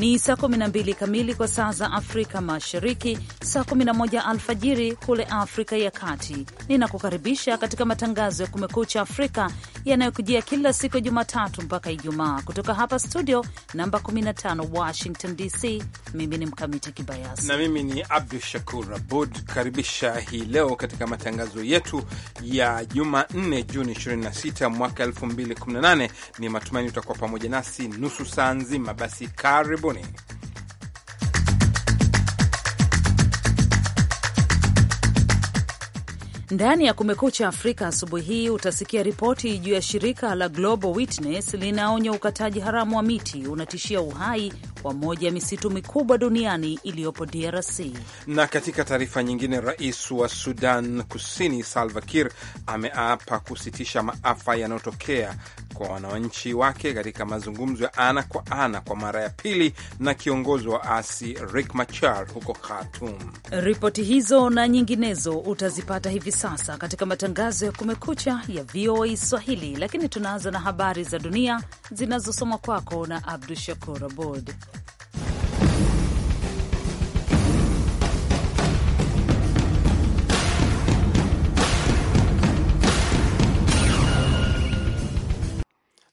Ni saa 12 kamili kwa saa za Afrika Mashariki, saa 11 alfajiri kule Afrika ya Kati. Ninakukaribisha katika matangazo ya Kumekucha Afrika yanayokujia kila siku ya Jumatatu mpaka Ijumaa kutoka hapa studio namba 15 Washington DC. Mimi ni Mkamiti Kibayasi na mimi ni Abdu Shakur Abud, karibisha hii leo katika matangazo yetu ya Jumanne, Juni 26 mwaka 2018. Ni matumaini utakuwa pamoja nasi nusu saa nzima. Basi karibu. Karibuni. Ndani ya Kumekucha Afrika asubuhi hii utasikia ripoti juu ya shirika la Global Witness linaonya ukataji haramu wa miti unatishia uhai wa moja ya misitu mikubwa duniani iliyopo DRC. Na katika taarifa nyingine, rais wa Sudan Kusini Salva Kiir ameapa kusitisha maafa yanayotokea kwa wananchi wake katika mazungumzo ya ana kwa ana kwa mara ya pili na kiongozi wa asi Riek Machar huko Khartoum. Ripoti hizo na nyinginezo utazipata hivi sasa katika matangazo ya Kumekucha ya VOA Swahili, lakini tunaanza na habari za dunia zinazosoma kwako na Abdu Shakur Abod.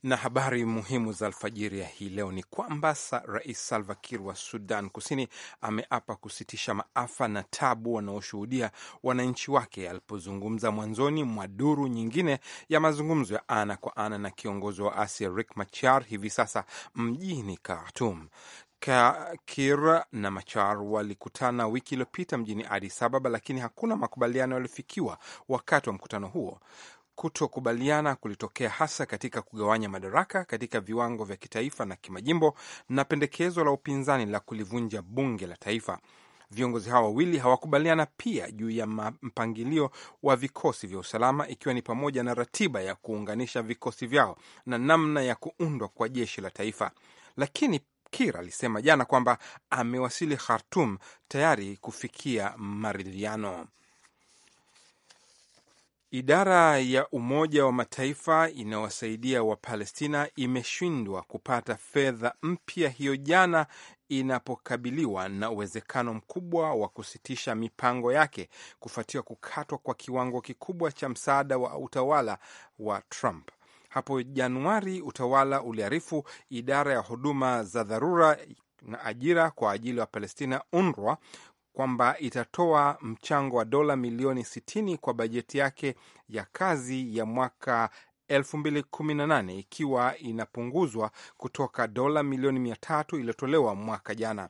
Na habari muhimu za alfajiri ya hii leo ni kwamba sa Rais Salva Kiir wa Sudan Kusini ameapa kusitisha maafa na tabu wanaoshuhudia wananchi wake, alipozungumza mwanzoni mwa duru nyingine ya mazungumzo ya ana kwa ana na kiongozi wa Asia Riek Machar hivi sasa mjini Khartoum. Kiir na Machar walikutana wiki iliyopita mjini Addis Ababa, lakini hakuna makubaliano yaliyofikiwa wakati wa mkutano huo. Kutokubaliana kulitokea hasa katika kugawanya madaraka katika viwango vya kitaifa na kimajimbo na pendekezo la upinzani la kulivunja bunge la taifa. Viongozi hao wawili hawakubaliana pia juu ya mpangilio wa vikosi vya usalama, ikiwa ni pamoja na ratiba ya kuunganisha vikosi vyao na namna ya kuundwa kwa jeshi la taifa, lakini Kiir alisema jana kwamba amewasili Khartum tayari kufikia maridhiano. Idara ya Umoja wa Mataifa inayowasaidia Wapalestina imeshindwa kupata fedha mpya hiyo jana inapokabiliwa na uwezekano mkubwa wa kusitisha mipango yake kufuatia kukatwa kwa kiwango kikubwa cha msaada wa utawala wa Trump. Hapo Januari utawala uliarifu idara ya huduma za dharura na ajira kwa ajili ya Palestina, UNRWA, kwamba itatoa mchango wa dola milioni 60 kwa bajeti yake ya kazi ya mwaka 2018 ikiwa inapunguzwa kutoka dola milioni 300 iliyotolewa mwaka jana.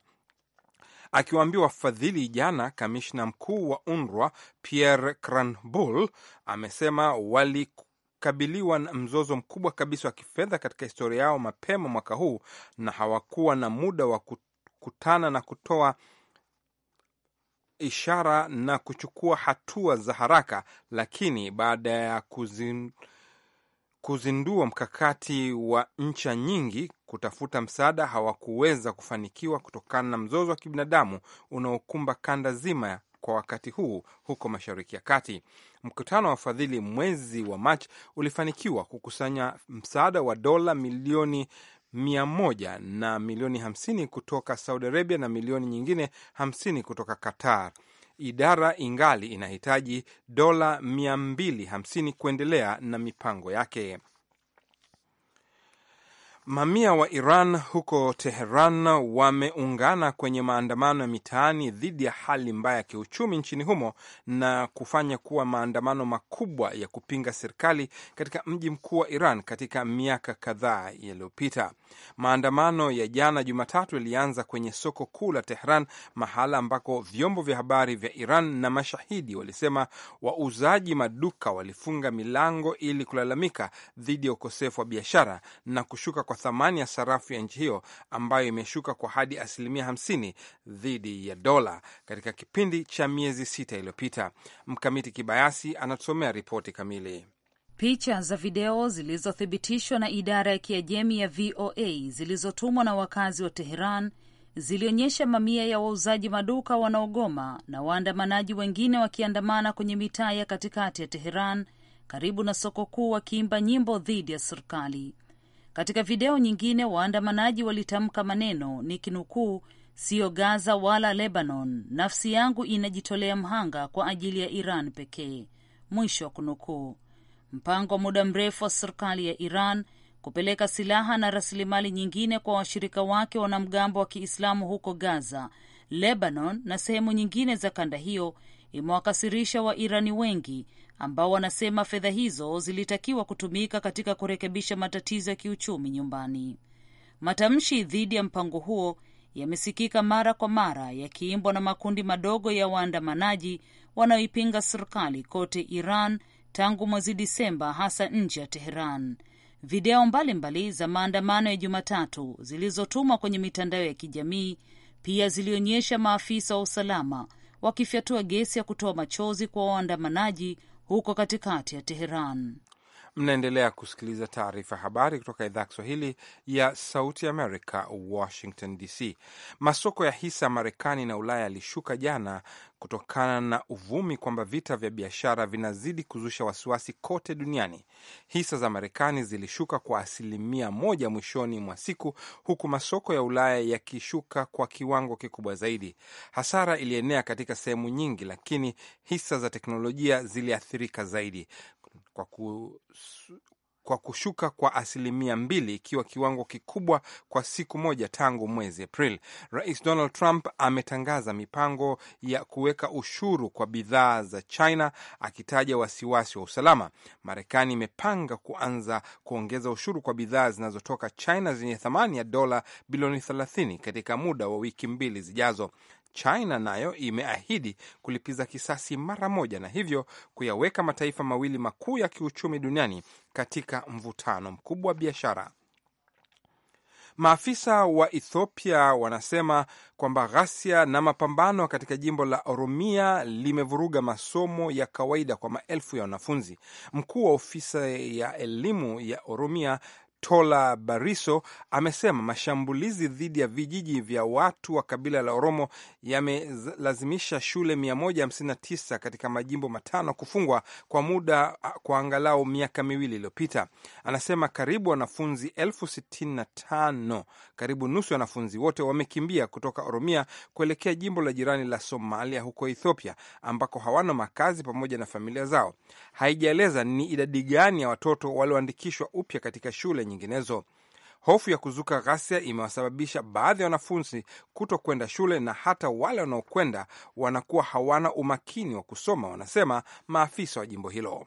Akiwaambia wafadhili jana, kamishna mkuu wa UNRWA Pierre Cranbull amesema wali kabiliwa na mzozo mkubwa kabisa wa kifedha katika historia yao mapema mwaka huu na hawakuwa na muda wa kukutana na kutoa ishara na kuchukua hatua za haraka, lakini baada ya kuzin kuzindua mkakati wa ncha nyingi kutafuta msaada hawakuweza kufanikiwa kutokana na mzozo wa kibinadamu unaokumba kanda zima kwa wakati huu huko Mashariki ya Kati. Mkutano wa wafadhili mwezi wa Machi ulifanikiwa kukusanya msaada wa dola milioni mia moja na milioni hamsini kutoka Saudi Arabia na milioni nyingine hamsini kutoka Qatar. Idara ingali inahitaji dola mia mbili hamsini kuendelea na mipango yake. Mamia wa Iran huko Teheran wameungana kwenye maandamano ya mitaani dhidi ya hali mbaya ya kiuchumi nchini humo na kufanya kuwa maandamano makubwa ya kupinga serikali katika mji mkuu wa Iran katika miaka kadhaa iliyopita. Maandamano ya jana Jumatatu yalianza kwenye soko kuu la Teheran, mahala ambako vyombo vya habari vya Iran na mashahidi walisema wauzaji maduka walifunga milango ili kulalamika dhidi ya ukosefu wa biashara na kushuka kwa thamani ya sarafu ya nchi hiyo ambayo imeshuka kwa hadi asilimia 50 dhidi ya dola katika kipindi cha miezi sita iliyopita. Mkamiti Kibayasi anatusomea ripoti kamili. Picha za video zilizothibitishwa na idara ya Kiajemi ya VOA zilizotumwa na wakazi wa Teheran zilionyesha mamia ya wauzaji maduka wanaogoma na waandamanaji wengine wakiandamana kwenye mitaa ya katikati ya Teheran karibu na soko kuu wakiimba nyimbo dhidi ya serikali. Katika video nyingine, waandamanaji walitamka maneno ni kinukuu siyo Gaza wala Lebanon, nafsi yangu inajitolea mhanga kwa ajili ya Iran pekee, mwisho wa kunukuu. Mpango wa muda mrefu wa serikali ya Iran kupeleka silaha na rasilimali nyingine kwa washirika wake wanamgambo wa Kiislamu huko Gaza, Lebanon na sehemu nyingine za kanda hiyo imewakasirisha Wairani wengi ambao wanasema fedha hizo zilitakiwa kutumika katika kurekebisha matatizo ya kiuchumi nyumbani. Matamshi dhidi ya mpango huo yamesikika mara kwa mara yakiimbwa na makundi madogo ya waandamanaji wanaoipinga serikali kote Iran tangu mwezi Disemba, hasa nje ya Teheran. Video mbalimbali za maandamano ya Jumatatu zilizotumwa kwenye mitandao ya kijamii pia zilionyesha maafisa wa usalama wakifyatua gesi ya kutoa machozi kwa waandamanaji huko katikati ya Teheran. Mnaendelea kusikiliza taarifa habari kutoka idhaa ya Kiswahili ya Sauti america Washington DC. Masoko ya hisa ya Marekani na Ulaya yalishuka jana kutokana na uvumi kwamba vita vya biashara vinazidi kuzusha wasiwasi kote duniani. Hisa za Marekani zilishuka kwa asilimia moja mwishoni mwa siku, huku masoko ya Ulaya yakishuka kwa kiwango kikubwa zaidi. Hasara ilienea katika sehemu nyingi, lakini hisa za teknolojia ziliathirika zaidi kwa ku kwa kushuka kwa asilimia mbili ikiwa kiwango kikubwa kwa siku moja tangu mwezi Aprili. Rais Donald Trump ametangaza mipango ya kuweka ushuru kwa bidhaa za China akitaja wasiwasi wa usalama. Marekani imepanga kuanza kuongeza ushuru kwa bidhaa zinazotoka China zenye thamani ya dola bilioni 30 katika muda wa wiki mbili zijazo. China nayo imeahidi kulipiza kisasi mara moja, na hivyo kuyaweka mataifa mawili makuu ya kiuchumi duniani katika mvutano mkubwa wa biashara. Maafisa wa Ethiopia wanasema kwamba ghasia na mapambano katika jimbo la Oromia limevuruga masomo ya kawaida kwa maelfu ya wanafunzi. Mkuu wa ofisi ya elimu ya Oromia Tola Bariso amesema mashambulizi dhidi ya vijiji vya watu wa kabila la Oromo yamelazimisha shule 159 katika majimbo matano kufungwa kwa muda kwa angalau miaka miwili iliyopita. Anasema karibu wanafunzi elfu sitini na tano, karibu nusu ya wanafunzi wote wamekimbia kutoka Oromia kuelekea jimbo la jirani la Somalia huko Ethiopia, ambako hawana makazi pamoja na familia zao. Haijaeleza ni idadi gani ya watoto walioandikishwa upya katika shule nyinginezo. Hofu ya kuzuka ghasia imewasababisha baadhi ya wanafunzi kuto kwenda shule na hata wale wanaokwenda wanakuwa hawana umakini wa kusoma, wanasema maafisa wa jimbo hilo.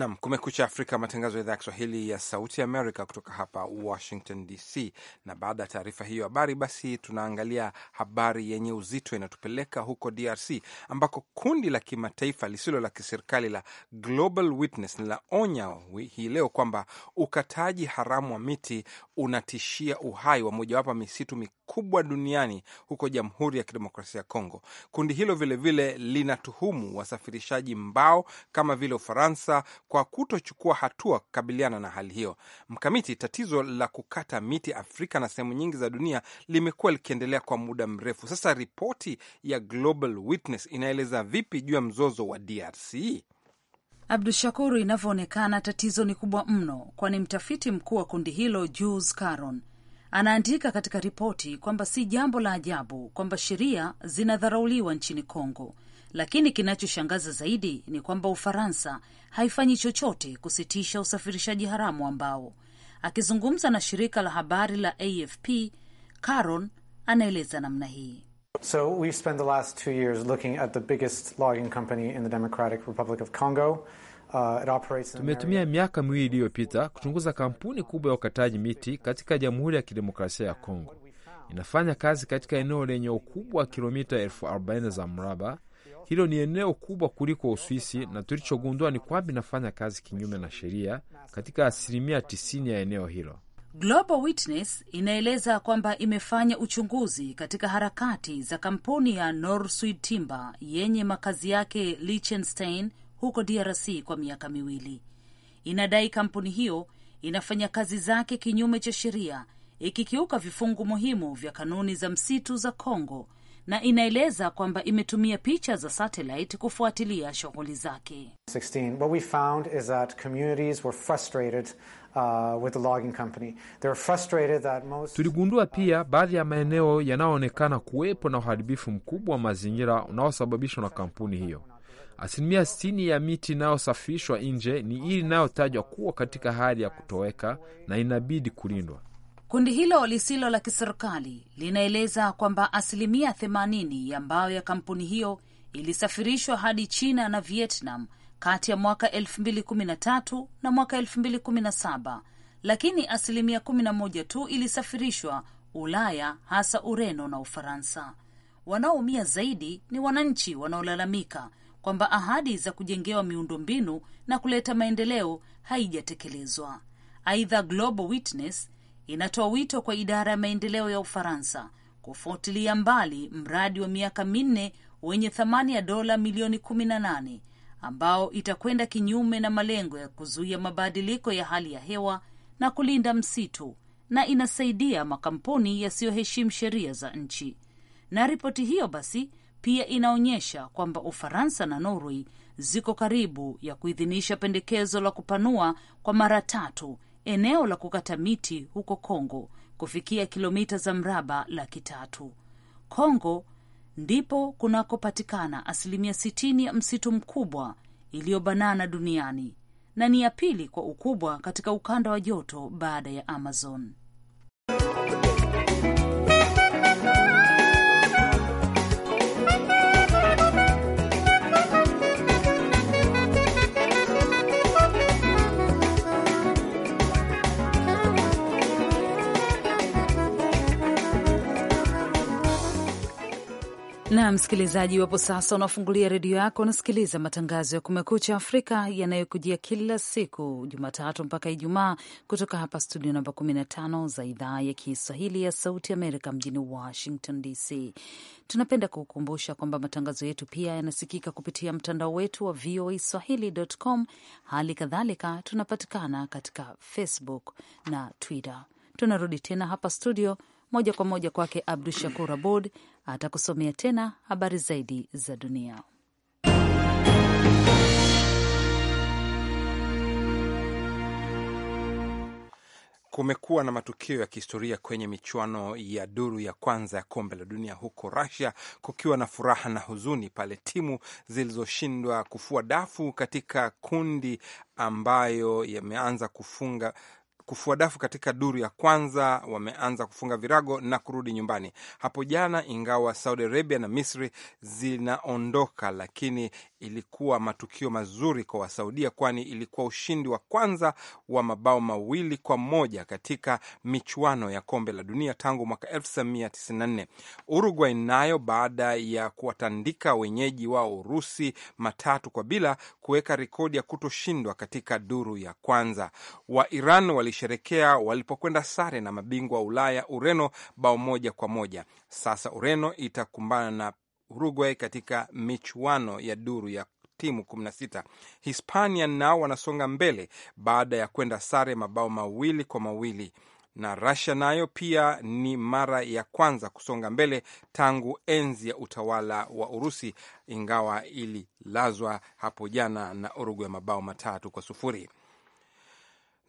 Nam Kumekucha Afrika, matangazo ya idhaa ya Kiswahili ya Sauti Amerika kutoka hapa Washington DC. Na baada ya taarifa hiyo habari, basi tunaangalia habari yenye uzito inatupeleka huko DRC ambako kundi la kimataifa lisilo la kiserikali la Global Witness linaonya hii leo kwamba ukataji haramu wa miti unatishia uhai wa mojawapo misitu mikubwa kubwa duniani huko Jamhuri ya Kidemokrasia ya Kongo. Kundi hilo vilevile linatuhumu wasafirishaji mbao kama vile Ufaransa kwa kutochukua hatua kukabiliana na hali hiyo. Mkamiti, tatizo la kukata miti Afrika na sehemu nyingi za dunia limekuwa likiendelea kwa muda mrefu sasa. Ripoti ya Global Witness inaeleza vipi juu ya mzozo wa DRC? Abdu Shakuru, inavyoonekana tatizo ni kubwa mno, kwani mtafiti mkuu wa kundi hilo Jules Caron anaandika katika ripoti kwamba si jambo la ajabu kwamba sheria zinadharauliwa nchini Kongo, lakini kinachoshangaza zaidi ni kwamba Ufaransa haifanyi chochote kusitisha usafirishaji haramu ambao. Akizungumza na shirika la habari la AFP, Caron anaeleza namna hii. So we've spent the last two years looking at the biggest logging company in the Democratic Republic of Congo. Uh, tumetumia miaka miwili iliyopita kuchunguza kampuni kubwa ya ukataji miti katika Jamhuri ya Kidemokrasia ya Kongo. Inafanya kazi katika eneo lenye ukubwa wa kilomita elfu arobaini za mraba. Hilo ni eneo kubwa kuliko Uswisi, na tulichogundua ni kwamba inafanya kazi kinyume na sheria katika asilimia 90 ya eneo hilo. Global Witness inaeleza kwamba imefanya uchunguzi katika harakati za kampuni ya Northswed Timber yenye makazi yake Liechtenstein huko DRC kwa miaka miwili. Inadai kampuni hiyo inafanya kazi zake kinyume cha sheria, ikikiuka vifungu muhimu vya kanuni za msitu za congo na inaeleza kwamba imetumia picha za satelit kufuatilia shughuli zake. Tuligundua pia baadhi ya maeneo yanayoonekana kuwepo na uharibifu mkubwa wa mazingira unaosababishwa na kampuni hiyo. Asilimia 60 ya miti inayosafishwa nje ni ile inayotajwa kuwa katika hali ya kutoweka na inabidi kulindwa. Kundi hilo lisilo la kiserikali linaeleza kwamba asilimia 80 ya mbao ya kampuni hiyo ilisafirishwa hadi China na Vietnam kati ya mwaka 2013 na mwaka 2017, lakini asilimia 11 tu ilisafirishwa Ulaya, hasa Ureno na Ufaransa. Wanaoumia zaidi ni wananchi wanaolalamika kwamba ahadi za kujengewa miundombinu na kuleta maendeleo haijatekelezwa. Aidha, Global Witness inatoa wito kwa idara ya maendeleo ya Ufaransa kufuatilia mbali mradi wa miaka minne wenye thamani ya dola milioni 18 ambao itakwenda kinyume na malengo ya kuzuia mabadiliko ya hali ya hewa na kulinda msitu na inasaidia makampuni yasiyoheshimu sheria za nchi. Na ripoti hiyo basi pia inaonyesha kwamba Ufaransa na Norway ziko karibu ya kuidhinisha pendekezo la kupanua kwa mara tatu eneo la kukata miti huko Kongo kufikia kilomita za mraba laki tatu. Kongo ndipo kunakopatikana asilimia 60 ya msitu mkubwa iliyobanana duniani na ni ya pili kwa ukubwa katika ukanda wa joto baada ya Amazon. na msikilizaji, wapo sasa unafungulia redio yako unasikiliza matangazo ya Kumekucha Afrika yanayokujia kila siku Jumatatu mpaka Ijumaa kutoka hapa studio namba 15 za idhaa ya Kiswahili ya Sauti Amerika mjini Washington DC. Tunapenda kukukumbusha kwamba matangazo yetu pia yanasikika kupitia mtandao wetu wa VOA Swahili.com. Hali kadhalika tunapatikana katika Facebook na Twitter. Tunarudi tena hapa studio moja kwa moja kwake Abdu Shakur Abud atakusomea tena habari zaidi za dunia. Kumekuwa na matukio ya kihistoria kwenye michuano ya duru ya kwanza ya kombe la dunia huko Russia, kukiwa na furaha na huzuni pale timu zilizoshindwa kufua dafu katika kundi ambayo yameanza kufunga kufua dafu katika duru ya kwanza wameanza kufunga virago na kurudi nyumbani hapo jana, ingawa Saudi Arabia na Misri zinaondoka, lakini ilikuwa matukio mazuri kwa Wasaudia, kwani ilikuwa ushindi wa kwanza wa mabao mawili kwa moja katika michuano ya kombe la dunia tangu mwaka 1994. Uruguay nayo baada ya kuwatandika wenyeji wao Urusi matatu kwa bila kuweka rekodi ya kutoshindwa katika duru ya kwanza. Wa Iran wali walisherekea walipokwenda sare na mabingwa wa Ulaya Ureno bao moja kwa moja. Sasa Ureno itakumbana na Uruguay katika michuano ya duru ya timu 16. Hispania nao wanasonga mbele baada ya kwenda sare mabao mawili kwa mawili na Russia nayo pia ni mara ya kwanza kusonga mbele tangu enzi ya utawala wa Urusi, ingawa ililazwa hapo jana na Uruguay mabao matatu kwa sufuri.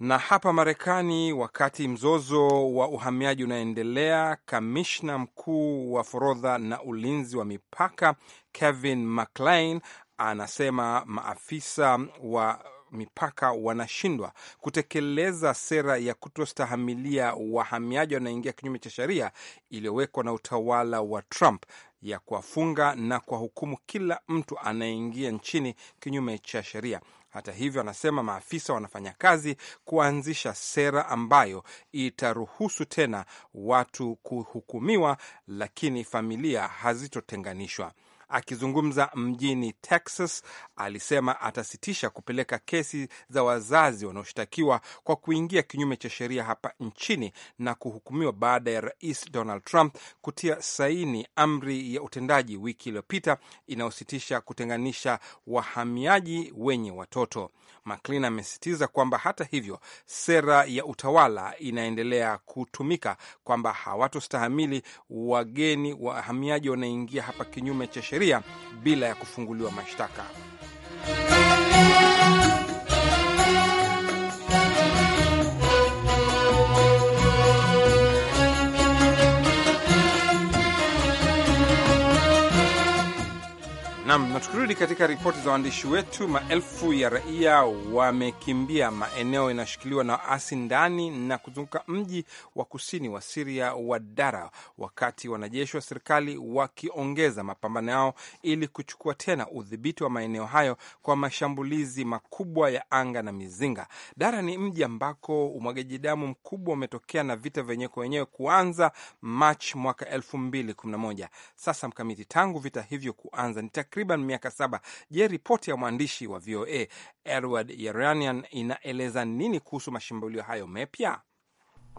Na hapa Marekani, wakati mzozo wa uhamiaji unaendelea, kamishna mkuu wa forodha na ulinzi wa mipaka Kevin McClain anasema maafisa wa mipaka wanashindwa kutekeleza sera ya kutostahamilia wahamiaji wanaingia kinyume cha sheria iliyowekwa na utawala wa Trump ya kuwafunga na kuwahukumu kila mtu anayeingia nchini kinyume cha sheria. Hata hivyo, anasema maafisa wanafanya kazi kuanzisha sera ambayo itaruhusu tena watu kuhukumiwa, lakini familia hazitotenganishwa. Akizungumza mjini Texas, alisema atasitisha kupeleka kesi za wazazi wanaoshtakiwa kwa kuingia kinyume cha sheria hapa nchini na kuhukumiwa baada ya Rais Donald Trump kutia saini amri ya utendaji wiki iliyopita inayositisha kutenganisha wahamiaji wenye watoto. McClain amesisitiza kwamba hata hivyo, sera ya utawala inaendelea kutumika, kwamba hawatostahamili wageni wahamiaji wanaingia hapa kinyume cha sheria sheria bila ya kufunguliwa mashtaka. Nam na tukirudi katika ripoti za waandishi wetu, maelfu ya raia wamekimbia maeneo yanayoshikiliwa na waasi ndani na kuzunguka mji wa kusini wa Siria wa Dara, wakati wanajeshi wa serikali wakiongeza mapambano yao ili kuchukua tena udhibiti wa maeneo hayo kwa mashambulizi makubwa ya anga na mizinga. Dara ni mji ambako umwagaji damu mkubwa umetokea na vita vyenyewe kwa wenyewe kuanza Machi mwaka 21 Sasa mkamiti, tangu vita hivyo kuanza ni takriban miaka saba. Je, ripoti ya mwandishi wa VOA Edward Yeranian inaeleza nini kuhusu mashambulio hayo mepya?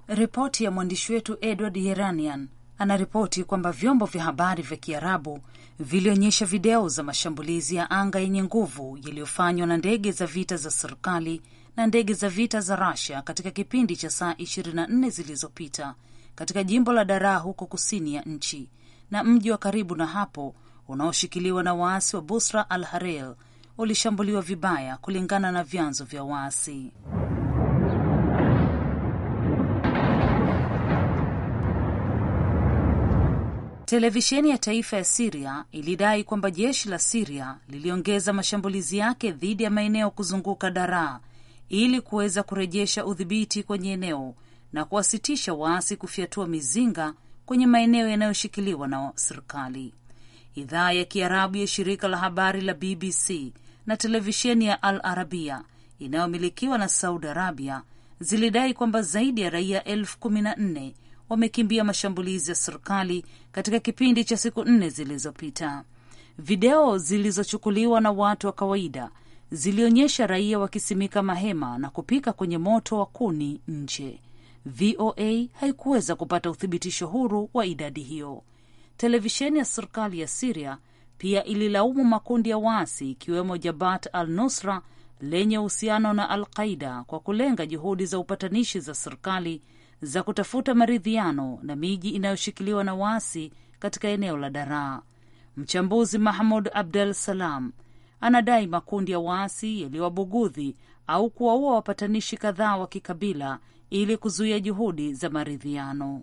Ripoti ya mwandishi wetu Edward Yeranian anaripoti kwamba vyombo vya habari vya Kiarabu vilionyesha video za mashambulizi ya anga yenye nguvu yaliyofanywa na ndege za vita za serikali na ndege za vita za rasia katika kipindi cha saa 24 zilizopita katika jimbo la Daraa huko kusini ya nchi na mji wa karibu na hapo unaoshikiliwa na waasi wa Busra al Harel ulishambuliwa vibaya, kulingana na vyanzo vya waasi. Televisheni ya taifa ya Siria ilidai kwamba jeshi la Siria liliongeza mashambulizi yake dhidi ya maeneo kuzunguka Daraa ili kuweza kurejesha udhibiti kwenye eneo na kuwasitisha waasi kufyatua mizinga kwenye maeneo yanayoshikiliwa na serikali idhaa ya Kiarabu ya shirika la habari la BBC na televisheni ya Al Arabia inayomilikiwa na Saudi Arabia zilidai kwamba zaidi ya raia elfu kumi na nne wamekimbia mashambulizi ya serikali katika kipindi cha siku nne zilizopita. Video zilizochukuliwa na watu wa kawaida zilionyesha raia wakisimika mahema na kupika kwenye moto wa kuni nje. VOA haikuweza kupata uthibitisho huru wa idadi hiyo. Televisheni ya serikali ya Siria pia ililaumu makundi ya waasi ikiwemo Jabhat al Nusra lenye uhusiano na Al Qaida kwa kulenga juhudi za upatanishi za serikali za kutafuta maridhiano na miji inayoshikiliwa na waasi katika eneo la Daraa. Mchambuzi Mahmud Abdel Salam anadai makundi ya waasi yaliwabugudhi au kuwaua wapatanishi kadhaa wa kikabila ili kuzuia juhudi za maridhiano.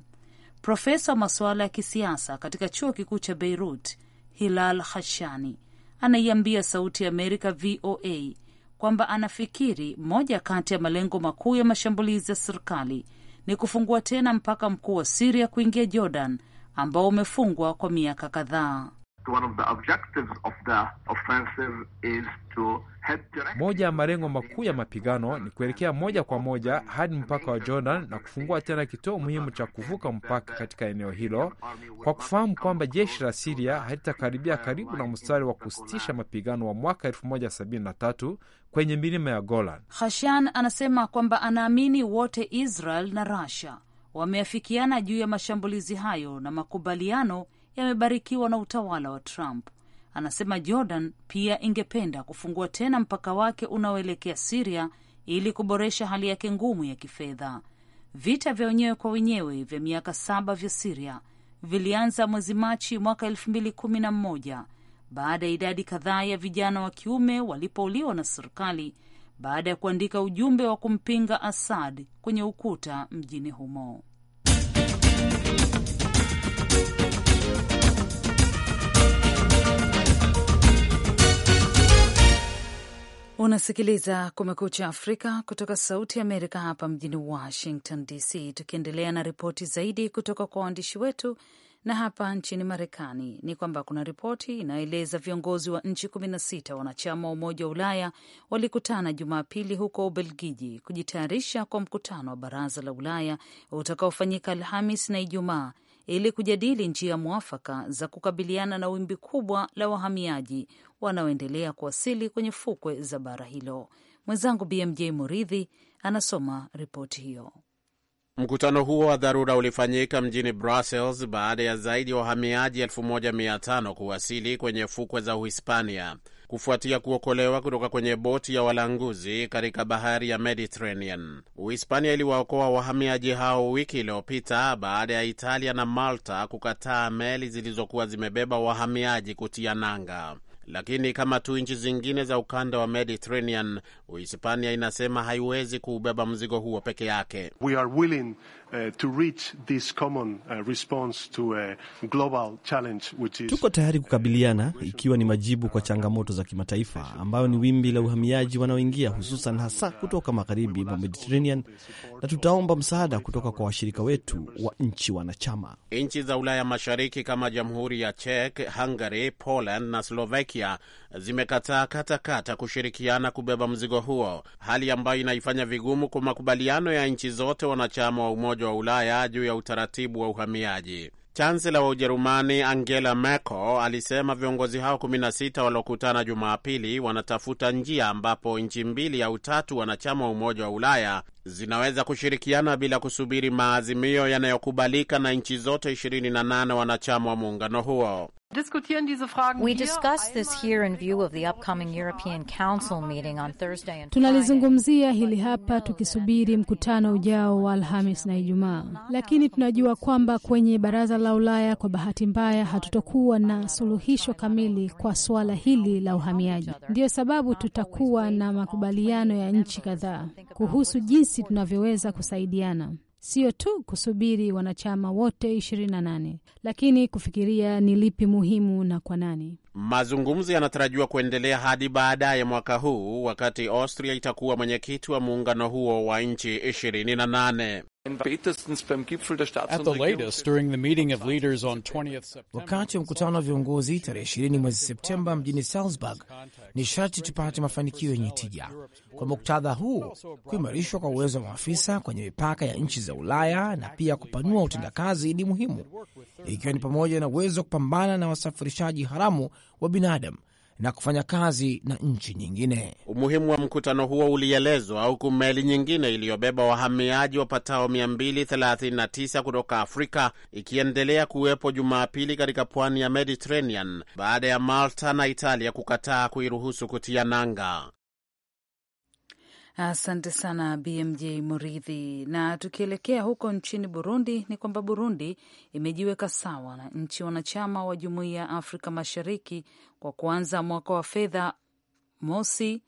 Profesa wa masuala ya kisiasa katika chuo kikuu cha Beirut, Hilal hashani anaiambia Sauti ya Amerika VOA kwamba anafikiri moja kati ya malengo makuu ya mashambulizi ya serikali ni kufungua tena mpaka mkuu wa Siria kuingia Jordan ambao umefungwa kwa miaka kadhaa. Moja ya malengo makuu ya mapigano ni kuelekea moja kwa moja hadi mpaka wa Jordan na kufungua tena kituo muhimu cha kuvuka mpaka katika eneo hilo, kwa kufahamu kwamba jeshi la Siria halitakaribia karibu na mstari wa kusitisha mapigano wa mwaka 1973 kwenye milima ya Golan. Hashan anasema kwamba anaamini wote Israel na Russia wameafikiana juu ya mashambulizi hayo na makubaliano yamebarikiwa na utawala wa Trump. Anasema Jordan pia ingependa kufungua tena mpaka wake unaoelekea Siria ili kuboresha hali yake ngumu ya kifedha. Vita vya wenyewe kwa wenyewe vya miaka saba vya Siria vilianza mwezi Machi mwaka elfu mbili kumi na mmoja baada ya idadi kadhaa ya vijana wa kiume walipouliwa na serikali baada ya kuandika ujumbe wa kumpinga Assad kwenye ukuta mjini humo. Unasikiliza Kumekucha Afrika kutoka Sauti ya Amerika hapa mjini Washington DC, tukiendelea na ripoti zaidi kutoka kwa waandishi wetu. Na hapa nchini Marekani ni kwamba kuna ripoti inayoeleza viongozi wa nchi 16 wanachama wa Umoja wa Ulaya walikutana Jumapili huko Ubelgiji kujitayarisha kwa mkutano wa Baraza la Ulaya utakaofanyika Alhamis na Ijumaa ili kujadili njia mwafaka za kukabiliana na wimbi kubwa la wahamiaji wanaoendelea kuwasili kwenye fukwe za bara hilo. Mwenzangu BMJ Muridhi anasoma ripoti hiyo. Mkutano huo wa dharura ulifanyika mjini Brussels baada ya zaidi ya wahamiaji 1500 kuwasili kwenye fukwe za Uhispania kufuatia kuokolewa kutoka kwenye boti ya walanguzi katika bahari ya Mediterranean. Uhispania iliwaokoa wahamiaji hao wiki iliyopita baada ya Italia na Malta kukataa meli zilizokuwa zimebeba wahamiaji kutia nanga. Lakini kama tu nchi zingine za ukanda wa Mediterranean, Uhispania inasema haiwezi kuubeba mzigo huo peke yake. We are willing, uh, to reach this common, uh, response to a global challenge which is... Tuko tayari kukabiliana ikiwa ni majibu kwa changamoto za kimataifa ambayo ni wimbi la uhamiaji wanaoingia hususan hasa kutoka magharibi mwa Mediterranean, na tutaomba msaada kutoka kwa washirika wetu wa nchi wanachama. Nchi za Ulaya Mashariki kama Jamhuri ya Czech, Hungary, Poland na Slovakia zimekataa kata katakata kushirikiana kubeba mzigo mzigo huo, hali ambayo inaifanya vigumu kwa makubaliano ya nchi zote wanachama wa Umoja wa Ulaya juu ya utaratibu wa uhamiaji. Chansela wa Ujerumani Angela Merkel alisema viongozi hao 16 waliokutana Jumapili wanatafuta njia ambapo nchi mbili au tatu wanachama wa Umoja wa Ulaya zinaweza kushirikiana bila kusubiri maazimio yanayokubalika na nchi zote 28 wanachama wa muungano huo. Tunalizungumzia hili hapa tukisubiri mkutano ujao wa Alhamis na Ijumaa, lakini tunajua kwamba kwenye baraza la Ulaya, kwa bahati mbaya, hatutokuwa na suluhisho kamili kwa suala hili la uhamiaji. Ndiyo sababu tutakuwa na makubaliano ya nchi kadhaa kuhusu jinsi jinsi tunavyoweza kusaidiana, sio tu kusubiri wanachama wote 28 lakini kufikiria ni lipi muhimu na kwa nani. Mazungumzo yanatarajiwa kuendelea hadi baadaye mwaka huu wakati Austria itakuwa mwenyekiti wa muungano huo wa nchi 28. Wakati wa mkutano wa viongozi tarehe ishirini mwezi Septemba mjini Salzburg, ni sharti tupate mafanikio yenye tija. Kwa muktadha huu, kuimarishwa kwa uwezo wa maafisa kwenye mipaka ya nchi za Ulaya na pia kupanua utendakazi ni muhimu, ikiwa ni pamoja na uwezo wa kupambana na wasafirishaji haramu wa binadamu na kufanya kazi na nchi nyingine. Umuhimu wa mkutano huo ulielezwa huku meli nyingine iliyobeba wahamiaji wapatao 239 kutoka Afrika ikiendelea kuwepo Jumapili katika pwani ya Mediterranean baada ya Malta na Italia kukataa kuiruhusu kutia nanga. Asante sana BMJ Muridhi. Na tukielekea huko nchini Burundi, ni kwamba Burundi imejiweka sawa na nchi wanachama wa Jumuiya ya Afrika Mashariki kwa kuanza mwaka wa fedha mosi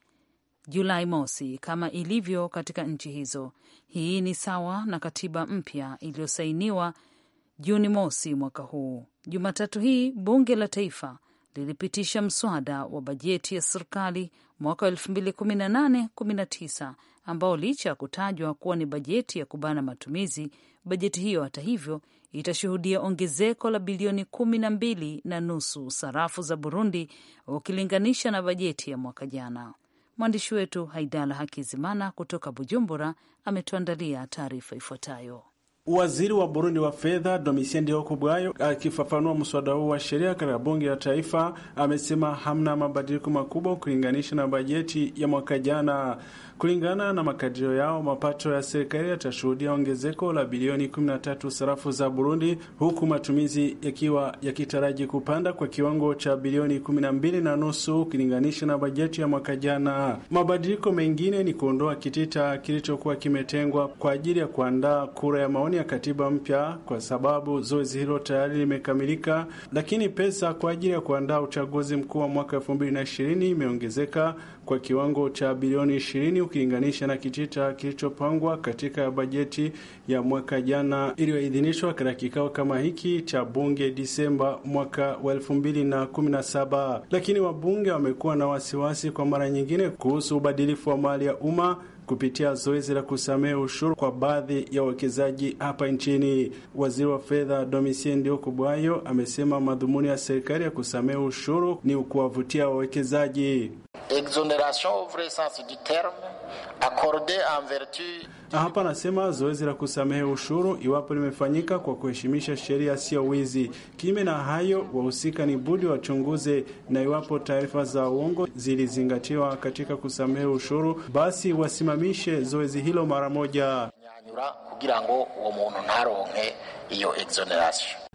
Julai mosi kama ilivyo katika nchi hizo. Hii ni sawa na katiba mpya iliyosainiwa Juni mosi mwaka huu. Jumatatu hii bunge la taifa lilipitisha mswada wa bajeti ya serikali mwaka 2018-19 ambao licha ya kutajwa kuwa ni bajeti ya kubana matumizi, bajeti hiyo hata hivyo itashuhudia ongezeko la bilioni kumi na mbili na nusu sarafu za Burundi ukilinganisha na bajeti ya mwaka jana. Mwandishi wetu Haidala Hakizimana kutoka Bujumbura ametuandalia taarifa ifuatayo. Waziri wa Burundi wa fedha Domitien Ndihokubwayo akifafanua mswada huu wa sheria katika bunge la taifa amesema hamna mabadiliko makubwa kulinganisha na bajeti ya mwaka jana. Kulingana na makadirio yao, mapato ya serikali yatashuhudia ongezeko la bilioni 13 sarafu za Burundi, huku matumizi yakiwa yakitaraji kupanda kwa kiwango cha bilioni 12 na nusu ukilinganisha na bajeti ya mwaka jana. Mabadiliko mengine ni kuondoa kitita kilichokuwa kimetengwa kwa ajili ya kuandaa kura ya maoni ya katiba mpya, kwa sababu zoezi hilo tayari limekamilika, lakini pesa kwa ajili ya kuandaa uchaguzi mkuu wa mwaka 2020 imeongezeka kwa kiwango cha bilioni 20 ukilinganisha na kitita kilichopangwa katika bajeti ya mwaka jana iliyoidhinishwa katika kikao kama hiki cha bunge Disemba mwaka wa 2017. Lakini wabunge wamekuwa na wasiwasi kwa mara nyingine kuhusu ubadilifu wa mali ya umma kupitia zoezi la kusamehe ushuru kwa baadhi ya wawekezaji hapa nchini. Waziri wa fedha Domitien Ndiyokubwayo amesema madhumuni ya serikali ya kusamehe ushuru ni kuwavutia wawekezaji. exonération au vrai sens du terme Hapa anasema zoezi la kusamehe ushuru iwapo limefanyika kwa kuheshimisha sheria sio wizi. Kinyume na hayo, wahusika ni budi wachunguze, na iwapo taarifa za uongo zilizingatiwa katika kusamehe ushuru, basi wasimamishe zoezi hilo mara moja.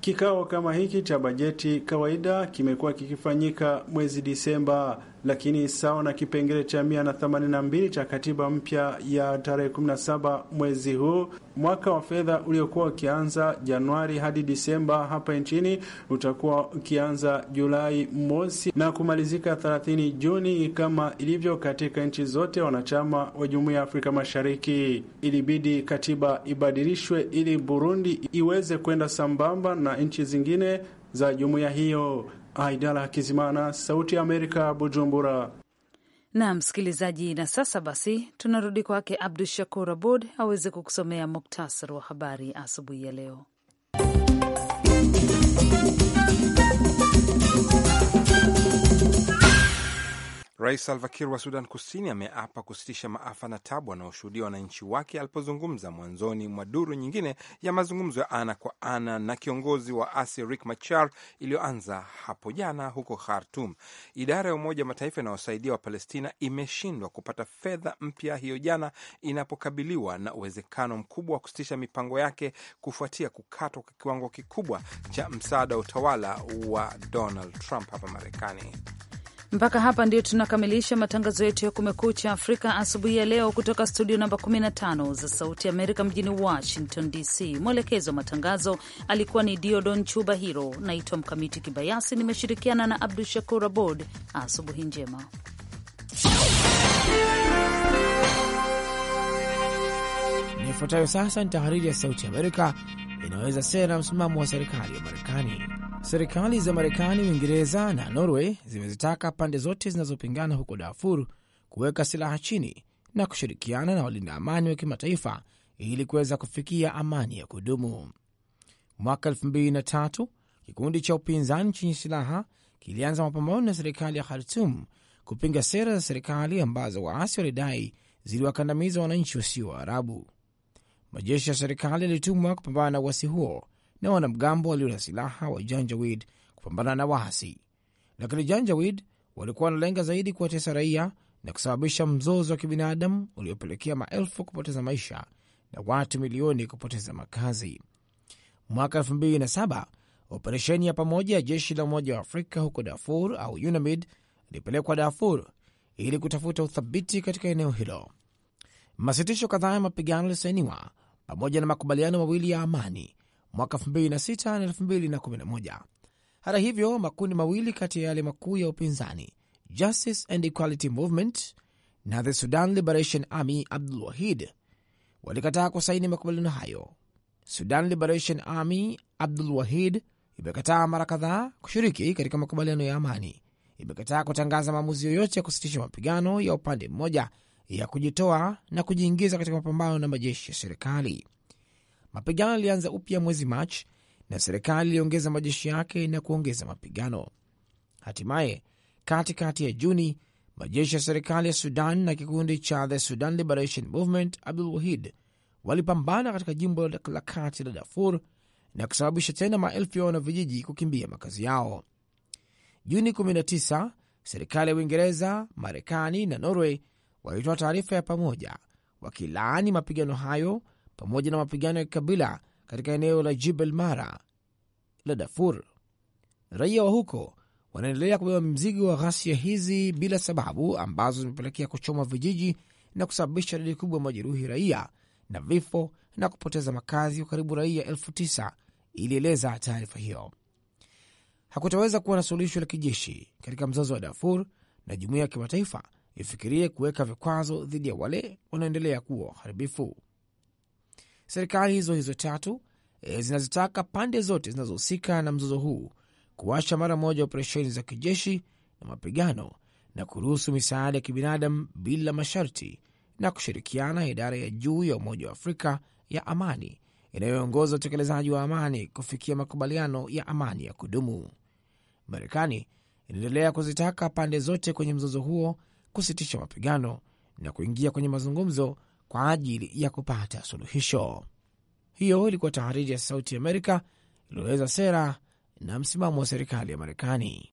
Kikao kama hiki cha bajeti kawaida kimekuwa kikifanyika mwezi Disemba, lakini sawa na kipengele cha 182 cha katiba mpya ya tarehe 17 mwezi huu. Mwaka wa fedha uliokuwa ukianza Januari hadi Disemba hapa nchini utakuwa ukianza Julai mosi na kumalizika 30 Juni kama ilivyo katika nchi zote wanachama wa Jumuiya ya Afrika Mashariki. Ilibidi katiba ibadilishwe ili Burundi iweze kwenda sambamba na nchi zingine za jumuiya hiyo. Aidala Kizimana, Sauti ya Amerika, Bujumbura na msikilizaji, na sasa basi tunarudi kwake Abdu Shakur Abud aweze kukusomea muktasari wa habari asubuhi ya leo. Rais Salva Kiir wa Sudan Kusini ameapa kusitisha maafa na tabu anaoshuhudia wananchi wake alipozungumza mwanzoni mwa duru nyingine ya mazungumzo ya ana kwa ana na kiongozi wa asi rick Machar iliyoanza hapo jana huko Khartum. Idara ya Umoja wa Mataifa inayosaidia Wapalestina imeshindwa kupata fedha mpya hiyo jana inapokabiliwa na uwezekano mkubwa wa kusitisha mipango yake kufuatia kukatwa kwa kiwango kikubwa cha msaada wa utawala wa Donald Trump hapa Marekani. Mpaka hapa ndio tunakamilisha matangazo yetu ya Kumekucha Afrika asubuhi ya leo, kutoka studio namba 15 za Sauti Amerika mjini Washington DC. Mwelekezo wa matangazo alikuwa ni Diodon Chuba Hiro. Naitwa Mkamiti Kibayasi, nimeshirikiana na Abdu Shakur Abod. Asubuhi njema. Ifuatayo sasa ni tahariri ya Sauti Amerika inaweza sera msimamo wa serikali ya Marekani. Serikali za Marekani, Uingereza na Norway zimezitaka pande zote zinazopingana huko Darfur kuweka silaha chini na kushirikiana na walinda amani wa kimataifa ili kuweza kufikia amani ya kudumu. Mwaka 23 kikundi cha upinzani chenye silaha kilianza mapambano na serikali ya Khartum kupinga sera za serikali ambazo waasi walidai ziliwakandamiza wananchi wasio Waarabu. Majeshi ya serikali yalitumwa kupambana na uasi huo na wanamgambo walio na silaha wa Janjawid kupambana na waasi, lakini Janjawid walikuwa wanalenga zaidi kuwatesa raia na kusababisha mzozo wa kibinadamu uliopelekea maelfu kupoteza maisha na watu milioni kupoteza makazi. Mwaka 2007 operesheni ya pamoja ya jeshi la Umoja wa Afrika huko Darfur au UNAMID ilipelekwa Darfur ili kutafuta uthabiti katika eneo hilo. Masitisho kadhaa ya mapigano yalisainiwa pamoja na makubaliano mawili ya amani mwaka 2006 na 2011. Hata hivyo, makundi mawili kati ya yale makuu ya upinzani Justice and Equality Movement na The Sudan Liberation Army Abdul Wahid walikataa kusaini makubaliano hayo. Sudan Liberation Army Abdul Wahid imekataa mara kadhaa kushiriki katika makubaliano ya amani, imekataa kutangaza maamuzi yoyote ya kusitisha mapigano ya upande mmoja ya kujitoa na kujiingiza katika mapambano na majeshi ya serikali. Mapigano yalianza upya mwezi Machi na serikali iliongeza majeshi yake na kuongeza mapigano. Hatimaye katikati ya Juni, majeshi ya serikali ya Sudan na kikundi cha The Sudan Liberation Movement Abdul Wahid walipambana katika jimbo la kati la Darfur na kusababisha tena maelfu ya wanavijiji kukimbia makazi yao. Juni 19 serikali ya Uingereza, Marekani na Norway walitoa taarifa ya pamoja wakilaani mapigano hayo pamoja na mapigano ya kikabila katika eneo la Jibel Mara la Dafur. Raia wa huko wanaendelea kubeba mzigo wa ghasia hizi bila sababu ambazo zimepelekea kuchoma vijiji na kusababisha idadi kubwa ya majeruhi raia na vifo na kupoteza makazi kwa karibu raia elfu tisa, ilieleza taarifa hiyo. Hakutaweza kuwa na suluhisho la kijeshi katika mzozo wa Darfur, na jumuiya ya kimataifa ifikirie kuweka vikwazo dhidi ya wale wanaoendelea kuwa waharibifu serikali hizo hizo tatu e, zinazitaka pande zote zinazohusika na mzozo huu kuacha mara moja operesheni za kijeshi na mapigano na kuruhusu misaada ya kibinadamu bila masharti na kushirikiana idara ya juu ya Umoja wa Afrika ya amani inayoongoza utekelezaji wa amani kufikia makubaliano ya amani ya kudumu. Marekani inaendelea kuzitaka pande zote kwenye mzozo huo kusitisha mapigano na kuingia kwenye mazungumzo kwa ajili ya kupata suluhisho. Hiyo ilikuwa tahariri ya Sauti ya Amerika iliyoeleza sera na msimamo wa serikali ya Marekani.